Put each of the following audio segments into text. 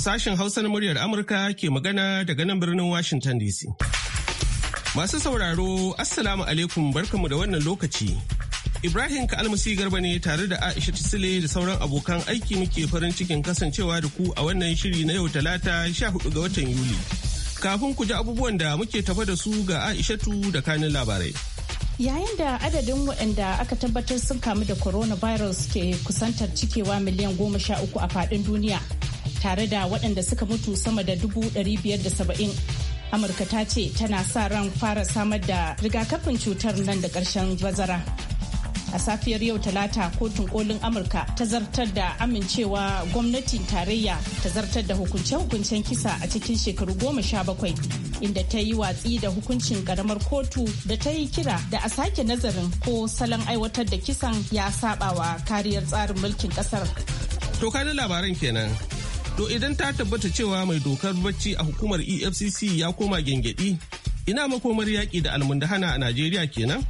Sashen Hausa na muryar Amurka ke magana daga nan birnin Washington DC. Masu sauraro, Assalamu alaikum barkamu da wannan lokaci. Ibrahim ka'almasi Garba ne tare da Aisha Tisile da sauran abokan aiki muke farin cikin kasancewa da ku a wannan shiri na yau talata 14 ga watan Yuli. Kafin ku ji abubuwan da muke tafa da su ga Aishatu da kanin labarai. Yayin da adadin waɗanda aka tabbatar sun kamu da coronavirus ke kusantar cikewa miliyan goma sha uku a faɗin duniya. tare da waɗanda suka mutu sama da dubu biyar da saba'in. Amurka ta ce tana sa ran fara samar da rigakafin cutar nan da ƙarshen bazara. a safiyar yau talata kotun kolin amurka ta zartar da amincewa gwamnatin tarayya ta zartar da hukunce-hukuncen kisa a cikin shekaru goma sha bakwai inda ta yi watsi da hukuncin karamar kotu da ta yi kira da a sake nazarin ko salon aiwatar da kisan ya sabawa kariyar tsarin mulkin kasar. to kanin labaran kenan To idan ta tabbata cewa mai dokar bacci a hukumar EFCC ya koma gengedi, ina makomar yaƙi da almundahana a Najeriya kenan?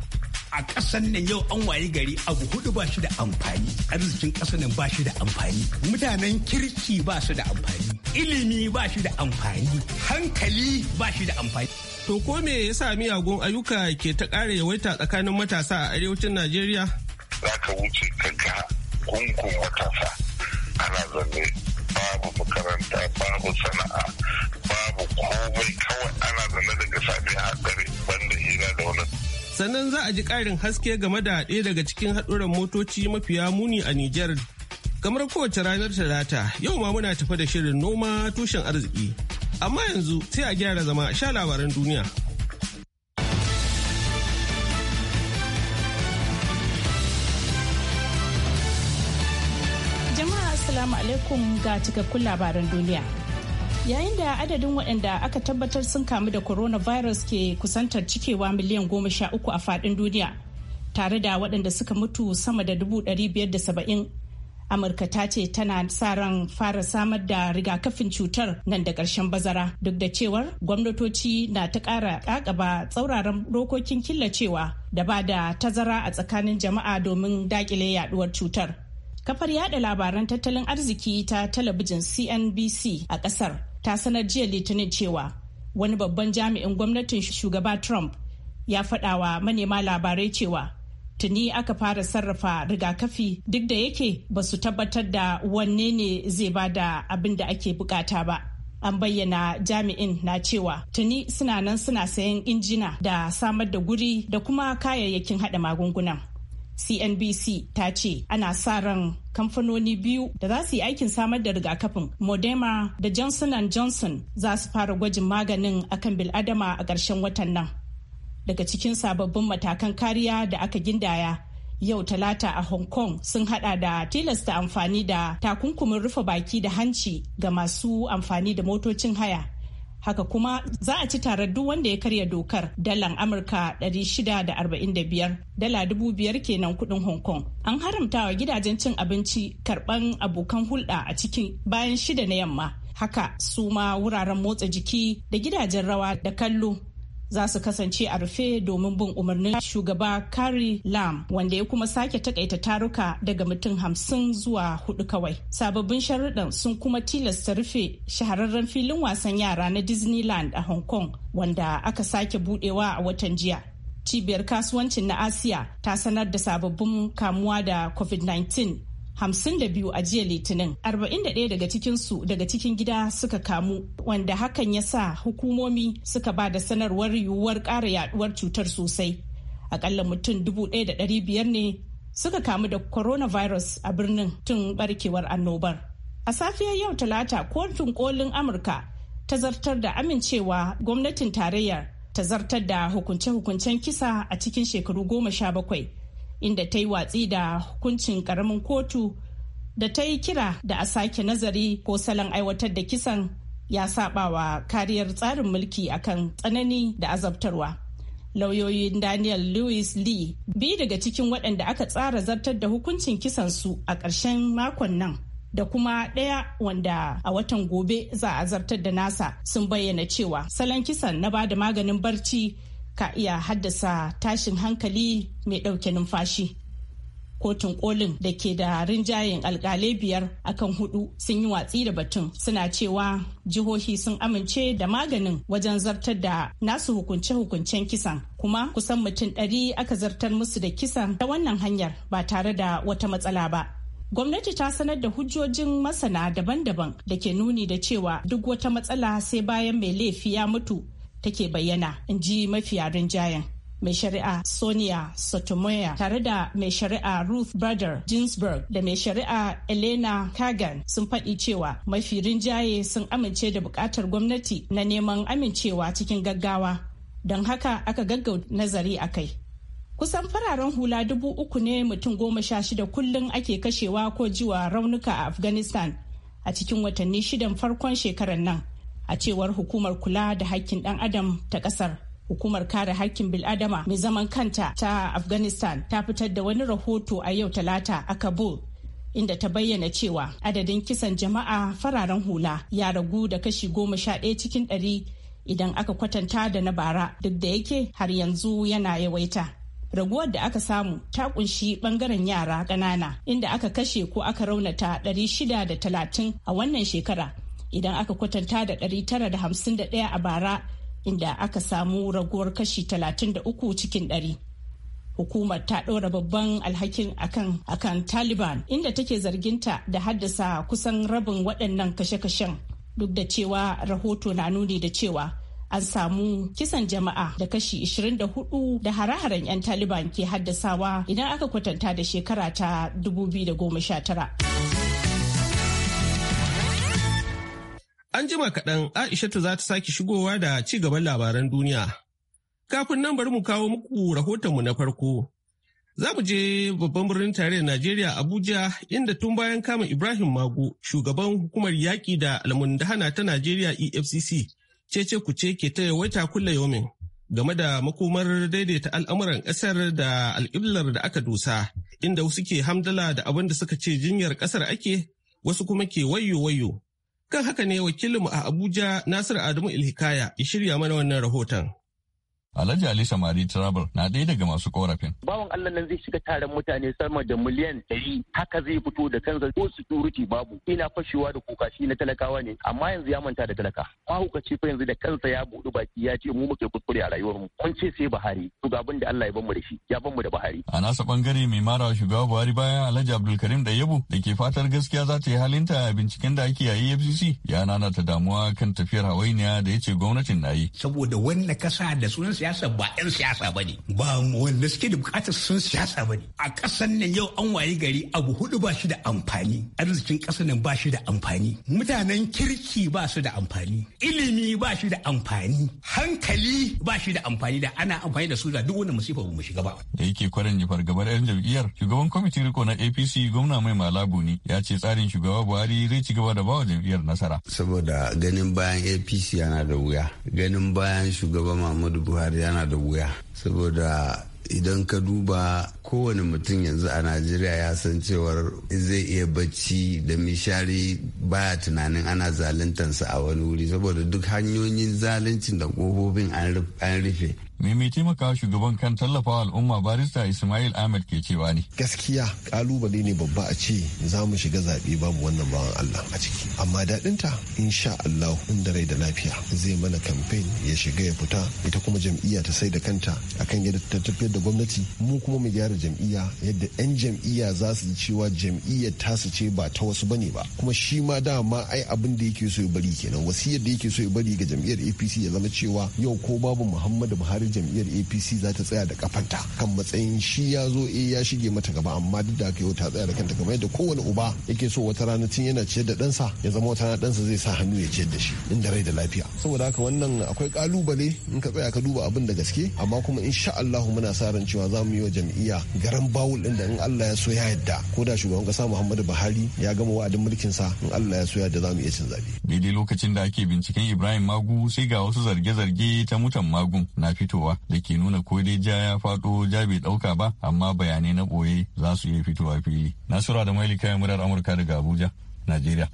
a ƙasan nan yau an waye gari abu hudu ba shi da amfani arzikin ƙasar nan ba shi da amfani mutanen kirki ba su da amfani ilimi ba shi da amfani hankali ba shi da amfani to ko me yasa miyagun ayyuka ke ta ƙara yawaita tsakanin matasa a arewacin najeriya za ka wuce ka ga gungun matasa ana zanne babu makaranta babu sana'a babu komai kawai ana zane daga safe har dare banda hira da wani sannan za a ji ƙarin haske game da ɗaya daga cikin haɗuran motoci mafiya muni a Nijar. Kamar kowace ranar Talata, yau ma muna tafi da shirin noma tushen arziki. Amma yanzu sai a gyara zama sha labaran duniya. alaikum ga cikakkun labaran duniya. Yayin da adadin waɗanda aka tabbatar sun kamu da coronavirus ke kusantar cikewa miliyan goma sha uku a faɗin duniya, tare da waɗanda suka mutu sama da dubu ɗari biyar da saba'in. Amurka ta ce tana sa ran fara samar da rigakafin cutar nan da ƙarshen bazara duk da cewar gwamnatoci na ta ƙara ƙaƙaba tsauraran dokokin killacewa da ba da tazara a tsakanin jama'a domin daƙile yaɗuwar cutar. Kafar yada labaran tattalin arziki ta talabijin CNBC a kasar ta sanar jiya litinin cewa wani babban jami'in gwamnatin shugaba Trump ya fadawa manema labarai cewa tuni aka fara sarrafa rigakafi duk da yake ba su tabbatar da wanne ne zai ba da abin da ake bukata ba. An bayyana jami'in na cewa tuni suna nan suna sayan injina da samar da guri da kuma kayayyakin haɗa magungunan. CNBC ta ce ana sa ran kamfanoni biyu da za su yi aikin samar da rigakafin Moderna da Johnson Johnson za su fara gwajin maganin akan bil'adama a ƙarshen watan nan. Daga cikin sababbin matakan kariya da aka gindaya yau talata a Hong Kong sun hada da tilasta amfani da takunkumin rufe baki da hanci ga masu amfani da motocin haya. haka kuma za a ci tare duk wanda ya karya dokar dalan amurka 645 dala dubu biyar kenan kudin hong kong an haramta wa gidajen cin abinci karban abokan hulɗa a cikin bayan shida na yamma haka su ma wuraren motsa jiki da gidajen rawa da kallo za su kasance a rufe domin bin umarnin shugaba Kari Lam wanda ya kuma sake takaita taruka daga mutum hamsin zuwa hudu kawai. Sababbin sharuɗan sun kuma tilasta rufe shahararren filin wasan yara na Disneyland a Hong Kong wanda aka sake budewa a watan jiya. Cibiyar kasuwancin na Asiya ta sanar da sababbin kamuwa da COVID-19 52 a jiya litinin 41 daga cikinsu daga cikin gida suka kamu wanda hakan ya sa hukumomi suka ba da sanarwar yiwuwar ƙara yaduwar cutar sosai akalla mutum 1,500 ne suka kamu da coronavirus a birnin tun barkewar annobar a safiyar yau talata kotun kolin amurka ta zartar da amincewa gwamnatin tarayyar ta zartar da hukunce-hukuncen kisa a cikin shekaru goma sha bakwai inda ta yi watsi da hukuncin karamin kotu da ta yi kira da a sake nazari ko salon aiwatar da kisan ya sabawa kariyar tsarin mulki akan tsanani da azabtarwa. Lauyoyin Daniel Lewis Lee biyu daga cikin waɗanda aka tsara zartar da hukuncin kisan su a ƙarshen makon nan da kuma ɗaya wanda a watan gobe za a zartar da nasa sun bayyana cewa salon kisan na ba da maganin barci ka iya haddasa tashin hankali mai ɗauke numfashi. Kotun kolin da ke da rinjayen alkalai biyar akan hudu sun yi watsi da batun suna cewa jihohi sun amince da maganin wajen zartar da nasu hukunce-hukuncen kisan kuma kusan mutum ɗari aka zartar musu da kisan ta wannan hanyar ba tare da wata matsala ba. Gwamnati ta sanar da hujjojin masana daban-daban da ke nuni da cewa duk wata matsala sai bayan mai laifi ya mutu take bayyana in ji mafiya rinjayen mai shari'a sonia sotomayor tare da mai shari'a ruth brother ginsburg da mai shari'a elena kagan sun faɗi cewa mafi rinjaye sun amince da buƙatar gwamnati na neman amincewa cikin gaggawa don haka aka gaggau nazari a kai kusan fararen hula dubu uku ne mutum goma sha shida kullum ake kashewa ko jiwa raunuka a afghanistan a cikin watanni shidan farkon shekarar nan a cewar hukumar kula da hakkin ɗan adam ta ƙasar. hukumar kare hakkin biladama mai zaman kanta ta afghanistan ta fitar da wani rahoto a yau talata a kabul inda ta bayyana cewa adadin kisan jama'a fararen hula ya ragu da kashi goma sha ɗaya cikin ɗari idan aka kwatanta da na bara duk da yake har yanzu yana yawaita raguwar da aka samu ta kunshi bangaren yara ƙanana inda aka kashe ko aka raunata 630 a wannan shekara idan aka kwatanta da 951 a bara inda aka samu raguwar kashi 33 cikin ɗari. hukumar ta ɗora babban alhakin akan akan taliban inda take zarginta da haddasa kusan rabin waɗannan kashe-kashen duk da cewa rahoto na nuni da cewa an samu kisan jama'a da kashi 24 da hare-haren 'yan taliban ke haddasawa idan aka kwatanta da shekara ta 2019 An jima kaɗan Aishatu za ta sake shigowa da ci gaban labaran duniya. Kafin nan bari mu kawo muku rahotonmu na farko. Za mu je babban birnin tarayyar Najeriya Abuja inda tun bayan kama Ibrahim Mago shugaban hukumar yaƙi da almundahana ta Najeriya EFCC cece ce ke ta yawaita kulle yomin game da makomar daidaita al'amuran ƙasar da al'iblar da aka dosa inda wasu ke hamdala da abin da suka ce jinyar ƙasar ake wasu kuma ke wayo wayo Kan haka ne wakilinmu a Abuja Nasir Adamu Ilhikaya ya shirya mana wannan rahoton. Alhaji Ali Samari Travel na ɗaya daga masu korafin. Bawan Allah nan zai shiga taron mutane sama da miliyan ɗari haka zai fito da kansa ko security babu ina fashewa da kuka shi na talakawa ne amma yanzu ya manta da talaka. ce fa yanzu da kansa ya buɗu baki ya ce mu muke kuskure a rayuwar mu. Kun ce sai Buhari to ga abin da Allah ya bamu da shi ya bamu da Buhari. A nasa bangare mai mara shugaba Buhari bayan Alhaji Abdulkarim da Yabo da ke fatar gaskiya za ta yi halinta a binciken da ake yi AFCC e ya nanata damuwa kan tafiyar hawainiya da ya ce gwamnatin na yi. Saboda wannan kasa da sunan siyasa ba 'yan siyasa ba ne ba wanda suke da bukatar sun siyasa ba ne a ƙasar nan yau an wayi gari abu hudu ba shi da amfani arzikin ƙasar nan ba shi da amfani mutanen kirki ba su da amfani ilimi ba shi da amfani hankali ba shi da amfani da ana amfani da su da duk wani musifa ba mu shiga ba da yake kwaran ya gabar 'yan jam'iyyar shugaban kwamitin riko na apc gwamna mai malabu ne ya ce tsarin shugaba buhari zai ci gaba da bawa jam'iyyar nasara saboda ganin bayan apc yana da wuya ganin bayan shugaba muhammadu buhari yana da wuya saboda idan ka duba kowane mutum yanzu a najeriya ya san cewar zai iya bacci da mishari baya tunanin ana zaluntansa a wani wuri saboda duk hanyoyin zaluncin da kofofin an rufe me mai taimaka shugaban kan tallafa al'umma barista ismail ahmed ke cewa ne gaskiya kalubale ne babba a ce za mu shiga zaɓe babu wannan bawan allah a ciki amma daɗinta insha allah inda rai da lafiya zai mana kamfen ya shiga ya fita ita kuma jam'iyya ta sai da kanta akan yadda ta tafiyar da gwamnati mu kuma mu gyara jam'iyya yadda 'yan jam'iyya za su ji cewa jam'iyyar tasu ce ba ta wasu bane ba kuma shi ma dama ai abin da yake so ya bari kenan wasiyar da yake so ya bari ga jam'iyyar apc ya zama cewa yau ko babu muhammadu buhari jam'iyyar apc za ta tsaya da kafanta kan matsayin shi ya zo eh ya shige mata gaba amma duk da haka yau ta tsaya da kanta kamar yadda kowane uba yake so wata rana tun yana ciyar da ɗansa ya zama wata rana ɗansa zai sa hannu ya ciyar da shi inda rai da lafiya saboda haka wannan akwai kalubale in ka tsaya ka duba abin da gaske amma kuma insha Allah muna sa ran cewa za mu yi wa jam'iyya garan bawul ɗin da in Allah ya so ya yadda ko da shugaban kasa Muhammadu Buhari ya gama wa'adin mulkin sa in Allah ya so ya yadda za mu iya cin zabe daidai lokacin da ake binciken Ibrahim Magu sai ga wasu zarge-zarge ta mutan magu na fito fitowa da ke nuna ko dai ja ya faɗo ja bai ɗauka ba amma bayanai na ɓoye za su iya fitowa fili. Nasura da Maili kayan murar Amurka daga Abuja, Najeriya.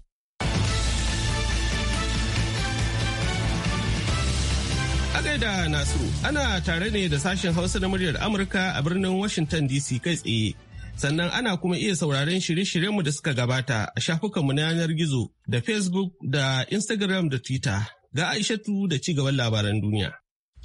da Nasiru ana tare ne da sashen Hausa na muryar Amurka a birnin Washington DC kai tsaye. Sannan ana kuma iya sauraren shirye-shiryenmu da suka gabata a shafukanmu na yanar gizo da Facebook da Instagram da Twitter. Ga Aishatu da ci gaban labaran duniya.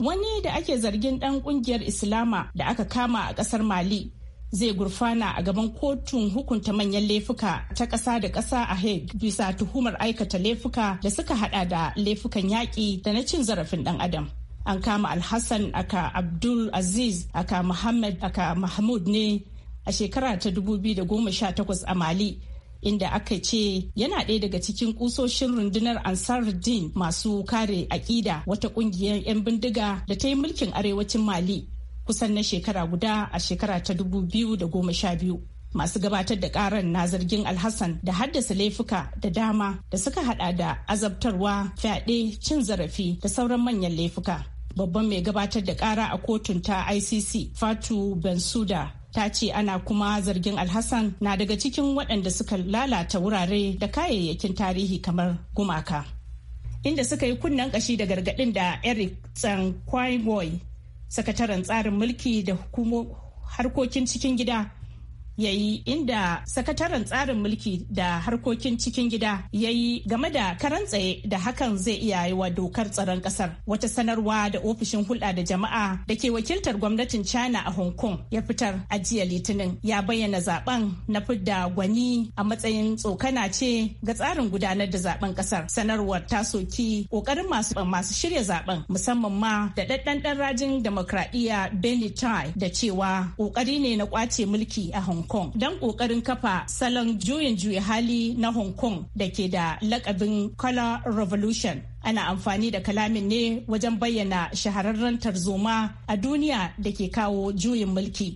Wani da ake zargin ɗan ƙungiyar Islama da aka kama a ƙasar Mali zai gurfana a gaban kotun hukunta manyan laifuka ta ƙasa da ƙasa a Hague bisa tuhumar aikata laifuka da suka hada da laifukan yaƙi da na cin zarafin ɗan adam. An kama Alhassan aka Abdul Aziz aka Muhammad aka Mahmud ne a shekara ta 2018 a Mali inda aka ce yana ɗaya daga cikin ƙusoshin rundunar Ansar din masu kare aƙida wata ƙungiyar 'yan bindiga da ta yi mulkin arewacin Mali kusan na shekara guda a shekara ta 2012. masu gabatar da karan na zargin alhassan da haddasa laifuka da dama da suka hada da azabtarwa fyaɗe cin zarafi da sauran manyan laifuka babban mai gabatar da kara a kotun ta icc fatu bensuda ta ce ana kuma zargin alhassan na daga cikin waɗanda suka lalata wurare da kayayyakin tarihi kamar gumaka inda suka yi kunnen kashi da gargaɗin da eric tsan sakataren tsarin mulki da harkokin cikin gida ya yi inda sakataren tsarin mulki da harkokin cikin gida ya yi game da karan tsaye da hakan zai iya yi wa dokar tsaron kasar wata sanarwa da ofishin hulɗa da jama'a da ke wakiltar gwamnatin china a hong kong ya fitar a jiya litinin ya bayyana zaben na fidda gwani a matsayin tsokana ce ga tsarin gudanar da zaben kasar sanarwar ta soki kokarin masu masu shirya zaben musamman ma da ɗanɗan rajin demokradiyya benny tai da cewa kokari ne na kwace mulki a hong Hong Kong don ƙoƙarin kafa salon juyin juya hali na Hong Kong da ke da lakabin Color Revolution. Ana amfani da kalamin ne wajen bayyana shahararren tarzoma a duniya da ke kawo juyin mulki.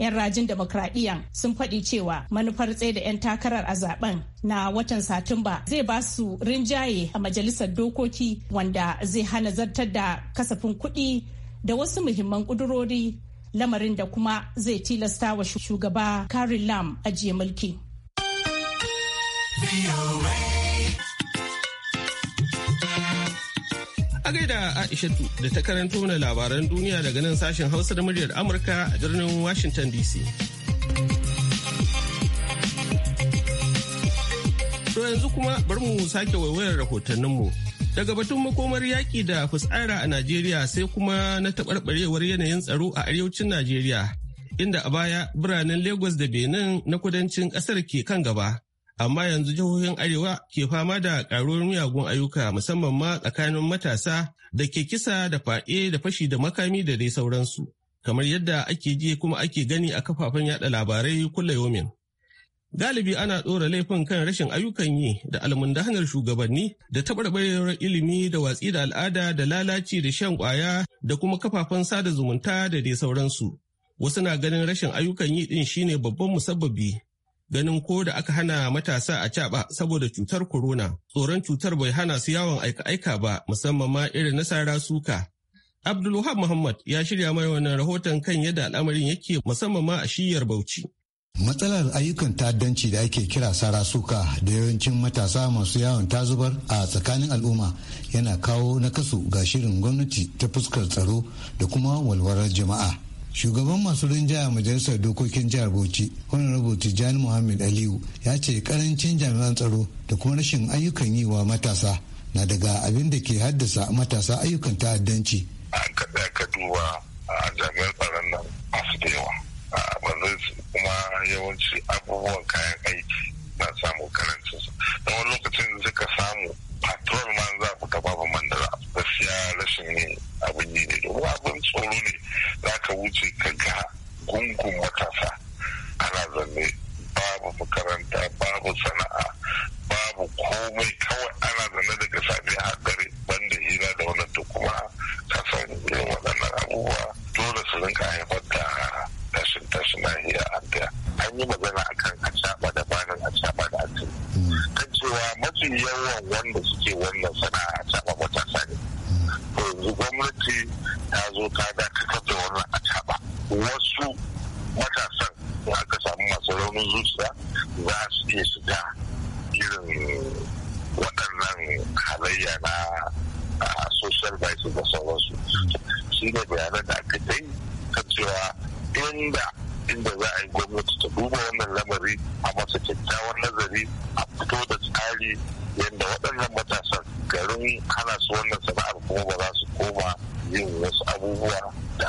'yan rajin demokradiyya sun faɗi cewa manufar tsaye da 'yan takarar a zaben na watan satumba zai ba su rinjaye a majalisar dokoki wanda zai hana zartar da kasafin kuɗi da wasu muhimman ƙudurori lamarin da kuma zai tilasta wa shugaba Karin Lam ajiye mulki. A gaida Aishatu da ta karanto mana labaran duniya daga nan sashen Hausa da muryar Amurka a birnin Washington DC. To yanzu kuma bar mu sake waiwayar rahotanninmu. Daga batun makomar yaƙi da fusara a Najeriya sai kuma na taɓarɓarewar yanayin tsaro a arewacin Najeriya, inda a baya biranen Lagos da Benin na kudancin ƙasar ke kan gaba. Amma yanzu jihohin Arewa ke fama da ƙaruwar miyagun ayyuka musamman ma tsakanin matasa da ke kisa da faɗe da fashi da makami da dai sauransu. Kamar yadda ake ji kuma ake gani a kafafen yaɗa labarai kulla yomin. Galibi ana ɗora laifin kan rashin ayyukan yi da almundahanar shugabanni da taɓarɓarewar ilimi da watsi da al'ada da lalaci da shan ƙwaya da kuma kafafen sada zumunta da dai sauransu. Wasu na ganin rashin ayyukan yi ɗin shine babban musabbabi. Ganin ko da aka hana matasa a caɓa saboda cutar corona, tsoron cutar bai hana su yawon aika-aika ba musamman ma irin na sara suka. Abdulwahab Muhammad ya shirya mai wannan rahoton kan yadda al'amarin yake musamman ma a shiyar Bauchi. Matsalar ayyukan ta'addanci da ake kira sara suka da yawancin matasa masu yawon tazubar a tsakanin al'umma yana kawo nakasu ga shirin gwamnati ta fuskar tsaro da kuma walwalar jama'a. Shugaban masu rinjaya majalisar dokokin jihar Bauchi, Honorable Tijjani Muhammad Aliyu ya ce karancin jami'an tsaro da kuma rashin ayyukan yi wa matasa na daga abin da ke haddasa matasa ayyukan ta'addanci. An ka duba jami'an tsaron nan masu da yawa. kuma yawanci abubuwan kayan aiki na samu karancin su don wani lokacin suka samu patrol ma za ku taba ba man da gaskiya rashin abin yi ne domin abin tsoro ne za ka wuce ka ga gungun matasa ana zanne babu makaranta babu sana'a babu komai kawai ana zanne daga safe har dare banda hira da wannan to kuma kasan irin waɗannan abubuwa dole su rinka haifar wasu nahiyar afiya an yi magana akan acaba da banin acaba da ake hmm. kan cewa mafi yawan wanda suke wannan sana'a acaba matasa ne to yanzu gwamnati ta zo ta dakatar da wannan acaba wasu matasan da aka samu masu raunin zuciya za su iya shiga irin waɗannan halayya na social vices da sauransu hmm. shi ne bayanan da aka yi kan cewa inda matakin da za a yi gwamnati ta duba wannan lamari a masa kyakkyawan nazari a fito da tsari yadda waɗannan matasan garin hana su wannan sana'ar kuma ba za su koma yin wasu abubuwa da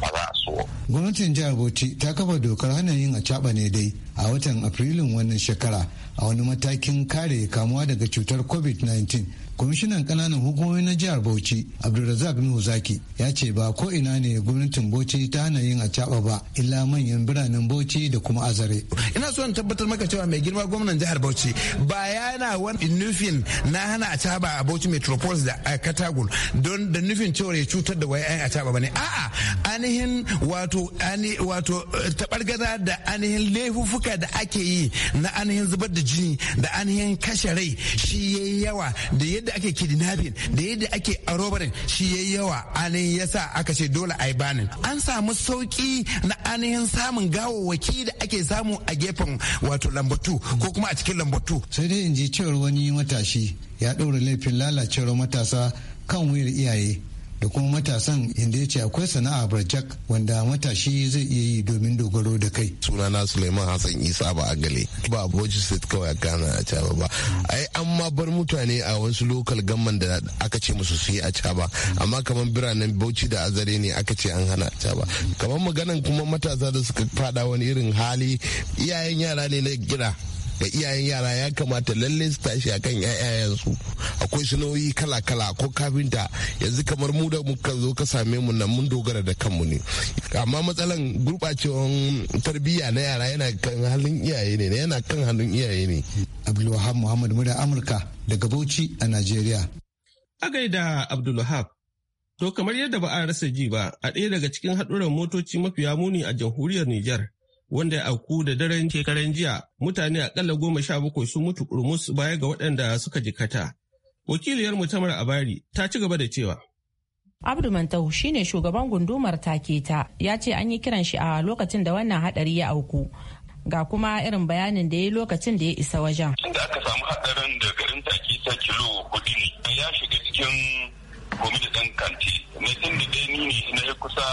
ba za su. Gwamnatin jihar Bauchi ta kafa dokar hana yin a ne dai a watan Afrilun wannan shekara a wani matakin kare kamuwa daga cutar COVID-19 kwamishinan kananan hukumomi na jihar bauchi abdulrazak nuhu zaki ya ce ba ko ina ne gwamnatin bauchi ta hana yin acaba ba illa manyan biranen bauchi da kuma azare ina so tabbatar maka cewa mai girma gwamnan jihar bauchi ba yana wani nufin na hana acaba a bauchi metropolis da katagul don da nufin cewa ya cutar da wai ayin acaba ba ne a'a ainihin wato wato eh, tabargaza da ainihin laifuffuka da ake yi na ainihin zubar da jini da ainihin kashe rai shi yayi yawa da yadda yadda ake kidnapping da yadda ake arobarin shi yayi yawa ainihin yasa aka ce dole a banin an samu sauki na anayin samun waki da ake samu a gefen wato lambatu ko kuma a cikin lambatu sai dai in ji cewar wani matashi ya ɗora laifin lalacewar matasa kan wuyar iyaye da kuma matasan inda ya ce akwai sana'a barjak wanda matashi zai iya yi domin dogaro da kai. sunana suleiman hassan isa ba agale ba abuja state kawai a gana a caba ba ai an ma bar mutane a wasu lokal gamman da aka ce musu su yi a caba amma kamar biranen bauchi da azare ne aka ce an hana a caba kamar maganan kuma matasa da suka fada wani irin hali iyayen yara ne na gida da iyayen yara ya kamata lalle su tashi akan su akwai sunoyi kala-kala ko kafinta yanzu kamar mu da muka zo ka same mu nan mun dogara da kanmu ne amma matsalan gurbacewan tarbiyya na yara yana kan halin iyaye ne yana kan halin iyaye ne abdulwahab muhammad amurka daga bauchi a najeriya a gaida abdulwahab to kamar yadda ba a rasa ji ba a ɗaya daga cikin haɗuran motoci mafiya muni a jamhuriyar nijar wanda ya auku da daren shekaran jiya mutane akalla goma sha bakwai sun mutu kurmus baya ga waɗanda suka jikata. Wakiliyar mutamar Abari ta ci gaba da cewa. Abdu Mantau shine shugaban gundumar Taketa ya ce an yi kiran shi a lokacin da wannan hadari ya auku. Ga kuma irin bayanin da ya yi lokacin da ya isa wajen. Inda aka samu hadarin da garin Taketa kilo hudu ne ya shiga cikin komi da dan kanti mai sun da dai ni ne na ya kusa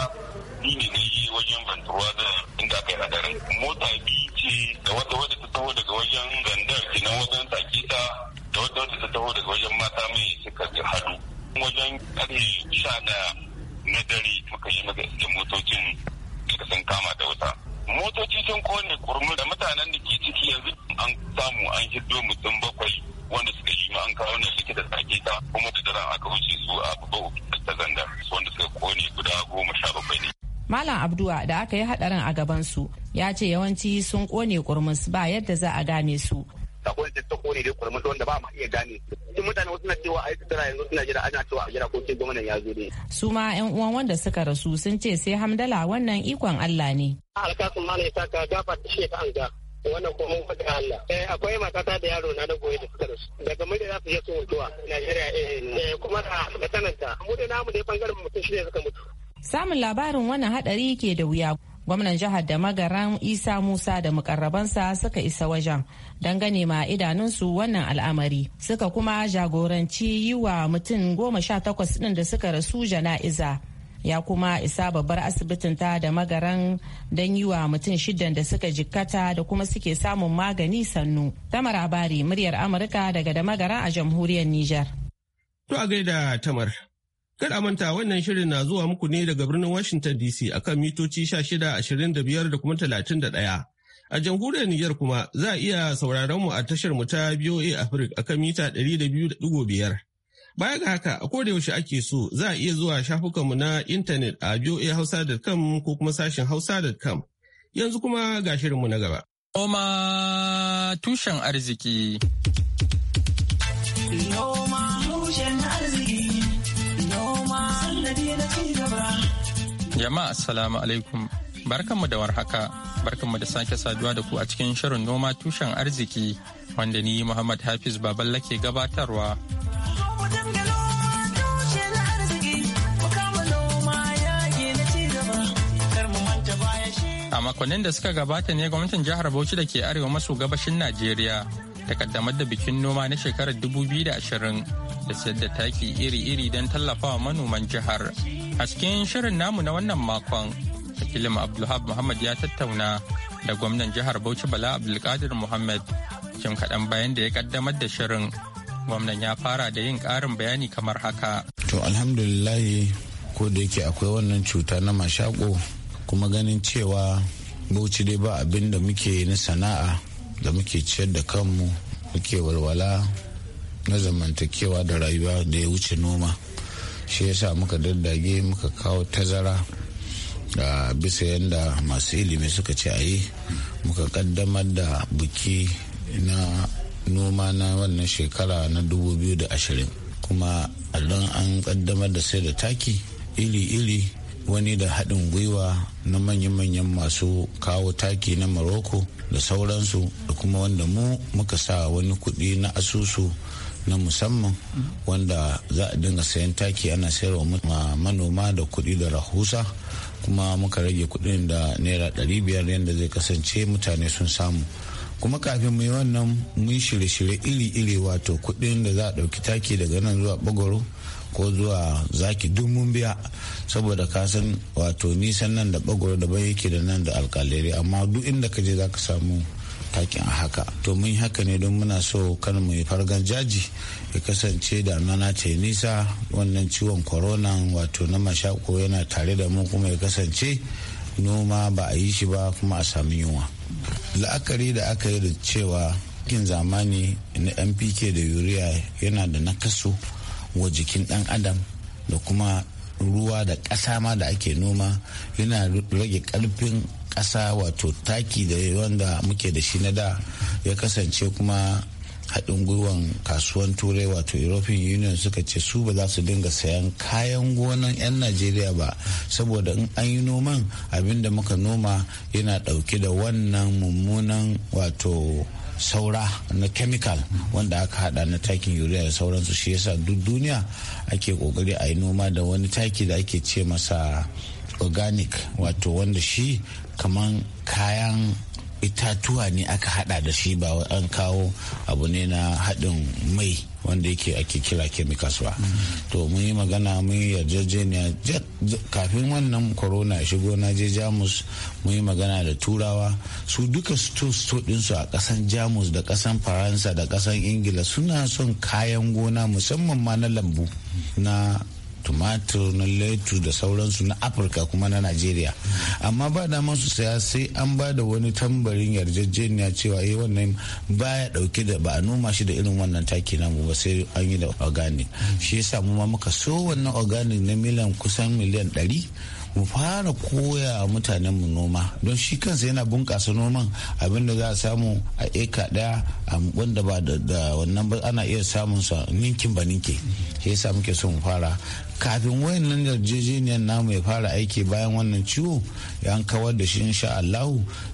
ni ne na yi wajen bantuwa da inda aka yi hadarin mota biyu ce da wata wadda ta taho daga wajen gandar kenan wajen takita da wata wadda ta taho daga wajen mata mai suka haɗu wajen ƙarfe sha na dare muka yi maka da abdua da aka yi hadarin a gabansu ya ce yawanci sun kone kurmus ba yadda za a gane su sakon da ta kone dai kurmus wanda ba ma iya gane cikin mutane wasu na cewa ai tsira yanzu suna jira ana cewa a jira ko ce gwamnan ya zo ne su ma yan uwan wanda suka rasu sun ce sai hamdala wannan ikon Allah ne alkasun ma ne saka gafa ta shi ta anga wannan ko mun faɗa Allah eh akwai matata da yaro na da goyi da suka rasu daga mai za su iya su mutuwa Najeriya eh, eh kuma da sananta mu da namu ne bangaren mutum shi ne suka mutu samun labarin wannan hadari ke da wuya gwamnan jihar da magaran isa musa da mukarrabansa suka isa wajen don gane ma idanunsu wannan al'amari suka kuma jagoranci yi wa mutum goma sha takwas ɗin da suka rasu jana'iza ya kuma isa babbar asibitin ta da magaran don yi wa mutum shidan da suka jikkata da kuma suke samun magani sannu tamar abari muryar amurka daga da magaran a jamhuriyar niger to a gaida tamar Kada manta wannan shirin na zuwa muku ne daga birnin Washington DC a kan mitoci 1625 da kuma 31. A jamhuriyar Nijar kuma za a iya sauraron mu a tashar mu ta BOA Africa a kan mita 200.5. Baya ga haka a koda yaushe ake so za a iya zuwa shafukanmu na intanet a boahausa.com ko kuma sashin hausa.com. Yanzu kuma ga shirinmu na gaba. Noma tushen arziki. Oma tushen Jama'a Assalamu alaikum. Barkanmu da warhaka. Barkanmu da sake saduwa da ku a cikin shirin noma tushen arziki wanda ni Muhammad Hafiz Baballa ke gabatarwa. A makonnin da suka gabata ne gwamnatin jihar Bauchi da ke arewa maso gabashin Najeriya ta kaddamar da bikin noma na shekarar 2020 da sayar da taki iri-iri don tallafawa manoman jihar. A cikin shirin namu na wannan makon, Hakilim Abdulhab Muhammad ya tattauna da gwamnan jihar Bauchi Bala Abdulkadir Muhammad jim kaɗan bayan da ya ƙaddamar da shirin. Gwamnan ya fara da yin ƙarin bayani kamar haka. To alhamdulillahi ko da yake akwai wannan cuta na mashako kuma ganin cewa Bauchi dai ba abin da muke na sana'a da muke ciyar da kanmu muke walwala na zamantakewa da rayuwa da ya wuce noma shi yasa muka daddage muka kawo tazara a bisa yadda masu ilimi suka ce a yi muka kaddamar da buki na noma na wannan shekara na 2020 kuma don an kaddamar da sai da taki iri-iri wani da haɗin gwiwa na manyan-manyan masu kawo taki na maroko da sauransu da kuma wanda mu muka sa wani kuɗi na asusu na musamman wanda za a dinga sayan taki ana sayarwa manoma da kuɗi da rahusa kuma muka rage kuɗin da naira ɗari biyar yadda zai kasance mutane sun samu kuma kafin mu yi wannan mun shirye-shirye iri-iri wato kuɗin da za a ɗauki taki daga nan zuwa bagoro ko zuwa zaki duk mun biya saboda ka san wato nisan nan da bagoro daban yake da nan da alkalere amma duk inda ka je za ka samu takin a haka to mun haka ne don muna so kan mu fargan jaji ya kasance da mana ta nisa wannan ciwon corona wato na mashako yana tare da mu kuma ya kasance noma ba a yi shi ba kuma a sami yunwa la'akari da aka yi da cewa kin zamani na mpk da yuriya yana da nakasu wa jikin dan adam da kuma ruwa da ƙasa ma da ake noma yana rage ƙarfin kasa wato taki da wanda muke da shi na da ya kasance kuma haɗin gwiwan kasuwan turai wato european union suka ce su ba za su dinga sayan kayan gonan 'yan najeriya ba saboda in an yi noman abin da muka noma yana ɗauke da wannan mummunan wato saura na chemical wanda aka hada na takin urea da sauransu shi yasa duk duniya ake kokari a yi noma da wani taki da ake ce masa organic wato wanda shi kaman kayan itatuwa ne aka hada da shi ba an kawo abu ne na haɗin mai wanda yake ake kira chemicals ba to mun yi magana mun yi yarjejeniya kafin wannan corona shigo na je jamus mun yi magana da turawa su duka sto dinsu a kasan jamus da kasan faransa da kasan ingila suna son kayan gona musamman ma na lambu na tumatur na letu da sauransu na afirka kuma na najeriya amma ba da su saya sai an ba da wani tambarin yarjejeniya cewa yi eh, wannan baya dauke da ba a noma shi da irin wannan taki namu ba sai an yi da organic shi yasa mu ma muka so wannan organic na miliyan kusan miliyan 100 mu fara koya mutanen mu noma don shi kansa yana bunkasa noman abinda za a samu a eka ɗaya wanda ba da wannan ba ana iya samun sa ninkin ba ninke shi yasa muke so mu fara kafin wayannan yarjejeniyar namu ya fara aiki bayan wannan ciwo ya kawar da shi insha Allah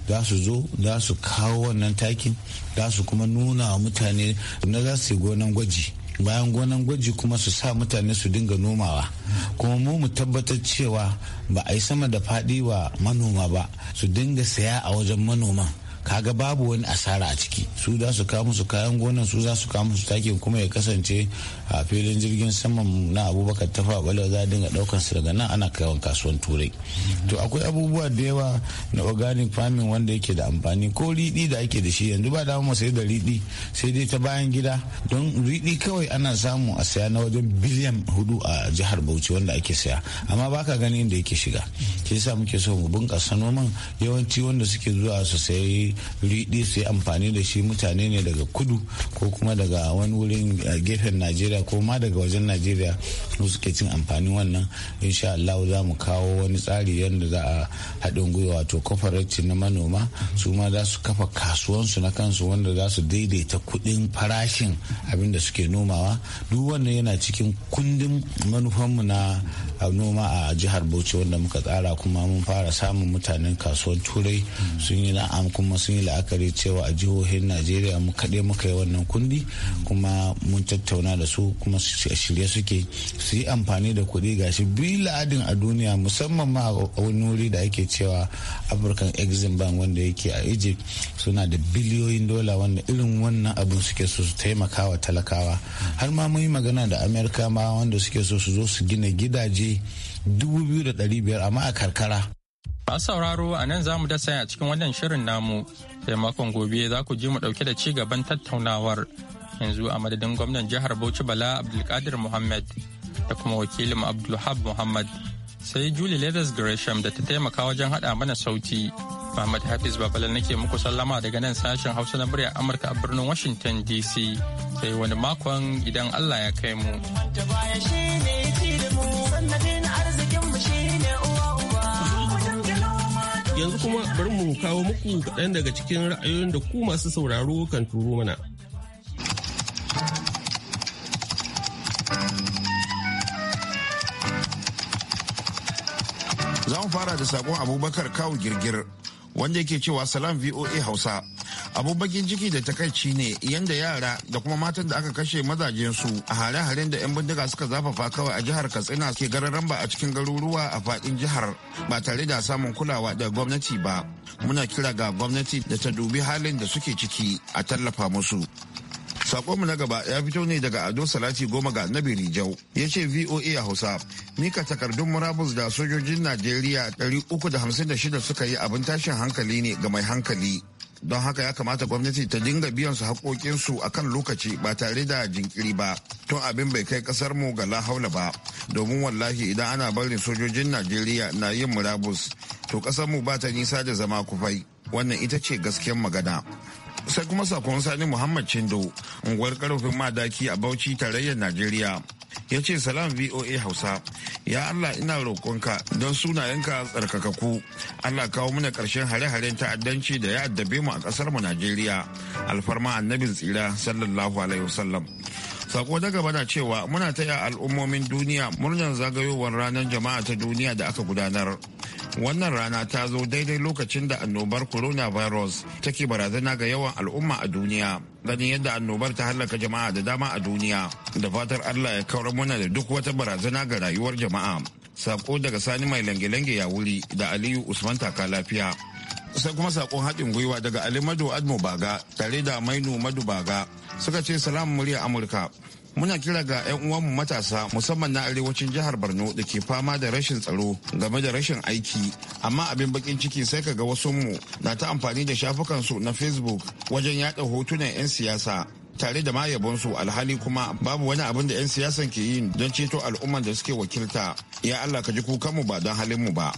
za su zo za su kawo wannan takin za su kuma nuna wa mutane na za su yi gonan gwaji bayan gonan gwaji kuma su sa mutane su dinga nomawa kuma mu mu tabbatar cewa ba a yi sama da faɗi wa manoma ba su dinga saya a wajen manoman kaga babu wani asara a ciki su za su kawo musu kayan gonan su za su kawo musu takin kuma ya kasance a filin jirgin saman na abubakar tafa faɓalewa za a dinga ɗaukar su daga nan ana kaiwan kasuwan turai to akwai abubuwa da yawa na organic farming wanda yake da amfani ko riɗi da ake da shi yanzu ba da mu sai da riɗi sai dai ta bayan gida don riɗi kawai ana samu a saya na wajen biliyan hudu a jihar bauchi wanda ake saya amma baka gani da yake shiga ke sa muke so mu bunƙasa noman yawanci wanda suke zuwa su sayi shi riɗi su yi amfani da shi mutane ne daga kudu ko kuma daga wani wurin eh, gefen najeriya ko ma daga wajen najeriya su suke cin amfani wannan insha Allah za mu kawo wani tsari yadda za a haɗin gwiwa wato kwafararci na manoma su ma za su kafa kasuwansu na kansu wanda za su daidaita kuɗin farashin abin da suke nomawa duk wannan yana cikin kundin manufanmu na noma a jihar bauchi wanda muka tsara kuma mun fara samun mutanen kasuwan turai sun yi na'am kuma sun yi la'akari cewa a jihohin najeriya mu kaɗai muka yi wannan kundi kuma mun tattauna da su kuma shirye suke su yi amfani da kuɗi gashi biyu la'adin a duniya musamman ma a wani wuri da ake cewa african exim bank wanda yake a egypt suna da biliyoyin dola wanda irin wannan abin suke so su taimaka wa talakawa har ma mun yi magana da amerika ma wanda suke so su zo su gina gidaje dubu biyu da ɗari biyar amma a karkara Masu sauraro a nan za mu dasa a cikin wannan shirin namu sai makon gobe za ku ji mu ɗauke da ci gaban tattaunawar yanzu a madadin gwamnan jihar Bauchi Bala Abdulkadir Muhammad da kuma wakilin Abdulhab Muhammad sai Julie Leathers Gresham da ta taimaka wajen hada mana sauti. Muhammad Hafiz Babala nake muku sallama daga nan sashen Hausa na murya Amurka a birnin Washington DC sai wani makon idan Allah ya kai mu. yanzu kuma bari mu kawo muku kaɗan daga cikin ra'ayoyin da ku masu sauraro kan turo mana. Za fara da sakon Abubakar Kawu Girgir wanda yake cewa salam VOA Hausa. abun bakin ciki da takaici ne yadda yara da kuma matan da aka kashe mazajensu a hare-haren da 'yan bindiga suka zafafa kawai a jihar katsina ke gararan ba a cikin garuruwa a fadin jihar ba tare da samun kulawa da gwamnati ba muna kira ga gwamnati da ta dubi halin da suke ciki a tallafa musu mu na gaba ya fito ne daga Ado Salati Goma ga Nabi Rijau. Ya ce VOA a Hausa, mika takardun murabus da sojojin Najeriya 356 suka yi abin tashin hankali ne ga mai hankali. don haka ya kamata gwamnati ta dinga biyan su haƙoƙinsu a kan lokaci ba tare da jinkiri ba tun abin bai kai ƙasar mu ga lahaula ba domin wallahi idan ana barin sojojin najeriya na yin murabus to ƙasar mu ba ta nisa da zama kufai wannan ita ce gaskiyar magana sai kuma sakon sani muhammad chindo unguwar karfin madaki a bauchi tarayyar najeriya ya ce salam voa hausa ya allah ina roƙonka don sunayenka tsarkakaku allah kawo mana ƙarshen hare-haren ta'addanci da ya addabe mu a ƙasar mu najeriya alfarma annabin tsira sallallahu alaihi wasallam Sako daga gaba na cewa muna taya al'ummomin duniya murnar zagayowar ranar jama'a ta duniya da aka gudanar. Wannan rana ta zo daidai lokacin da annobar coronavirus take barazana ga yawan al'umma a duniya. Ganin yadda annobar ta hallaka jama'a da dama a duniya. Da fatar Allah ya kawar muna da duk wata barazana ga rayuwar jama'a. Sako daga Sani mai lange-lange ya wuri da Aliyu Usman taka lafiya. sai kuma sakon haɗin gwiwa daga alimadu admo baga tare da mainu madu baga suka ce salam murya amurka muna kira ga 'yan uwanmu matasa musamman na arewacin jihar borno da ke fama da rashin tsaro game da rashin aiki amma abin bakin ciki sai ka ga wasunmu na ta amfani da shafukansu na facebook wajen yada hotunan 'yan siyasa tare da mayabonsu alhali kuma babu wani abin da 'yan siyasan ke yi don ceto al'umman da suke wakilta ya allah ka ji kukanmu ba don halinmu ba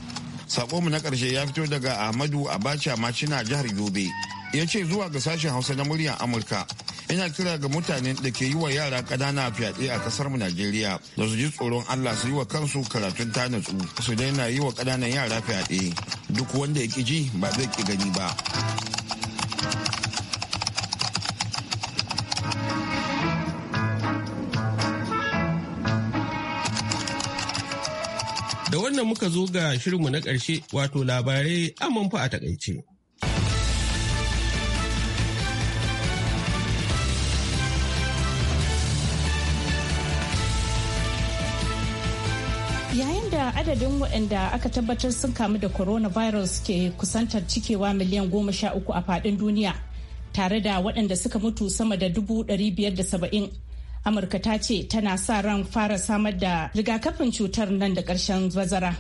mu na karshe ya fito daga Ahmadu Abacha Macina jihar Yobe. Ya ce zuwa ga sashen Hausa na muryar Amurka. Ina kira ga mutanen da ke yi wa yara ƙanana fyaɗe a ƙasar mu Najeriya da su ji tsoron Allah su yi wa kansu karatun tanatsu su daina yi wa ƙananan yara fyaɗe. Duk wanda ya ƙi ji ba zai ƙi gani ba. wannan muka zo ga shirinmu na ƙarshe wato labarai amman a takaice. Yayin da adadin waɗanda aka tabbatar sun kamu da coronavirus ke kusantar cikewa miliyan goma sha uku a faɗin duniya, tare da waɗanda suka mutu sama da dubu ɗari biyar da saba'in amurka ta ce tana sa ran fara samar da rigakafin cutar nan da ƙarshen bazara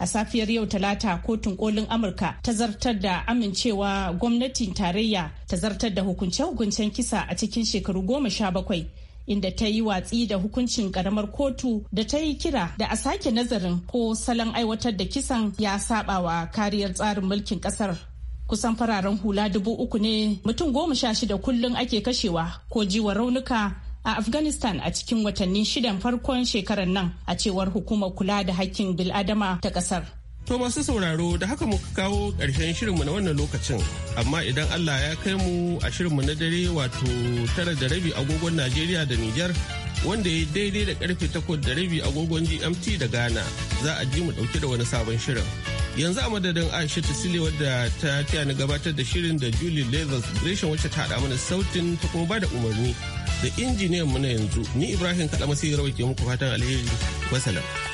a safiyar yau talata kotun kolin amurka ta zartar da amincewa gwamnatin tarayya ta zartar da hukunce-hukuncen kisa a cikin shekaru goma sha bakwai inda ta yi watsi da hukuncin karamar kotu da ta yi kira da a sake nazarin ko salon aiwatar da kisan ya saba wa kariyar tsarin mulkin kasar kusan fararen hula dubu uku ne mutum goma sha shida kullum ake kashewa ko jiwa raunuka a Afghanistan a cikin watanni shidan farkon shekarar nan a cewar hukumar kula da hakkin bil'adama ta kasar. To masu sauraro da haka muka kawo ƙarshen shirinmu na wannan lokacin, amma idan Allah ya kai mu a shirinmu na dare wato tara da rabi agogon Najeriya da Nijar wanda ya daidai da karfe takwas da rabi agogon GMT da Ghana za a ji mu dauke da wani sabon shirin. Yanzu a madadin Aisha sile wadda ta taya na gabatar da shirin da Julie Levis Gresham wacce ta haɗa mana sautin ta kuma ba da umarni da injiniyan mu na yanzu ni Ibrahim Kalamasi Rawa ke muku fatan alheri. Wasalam.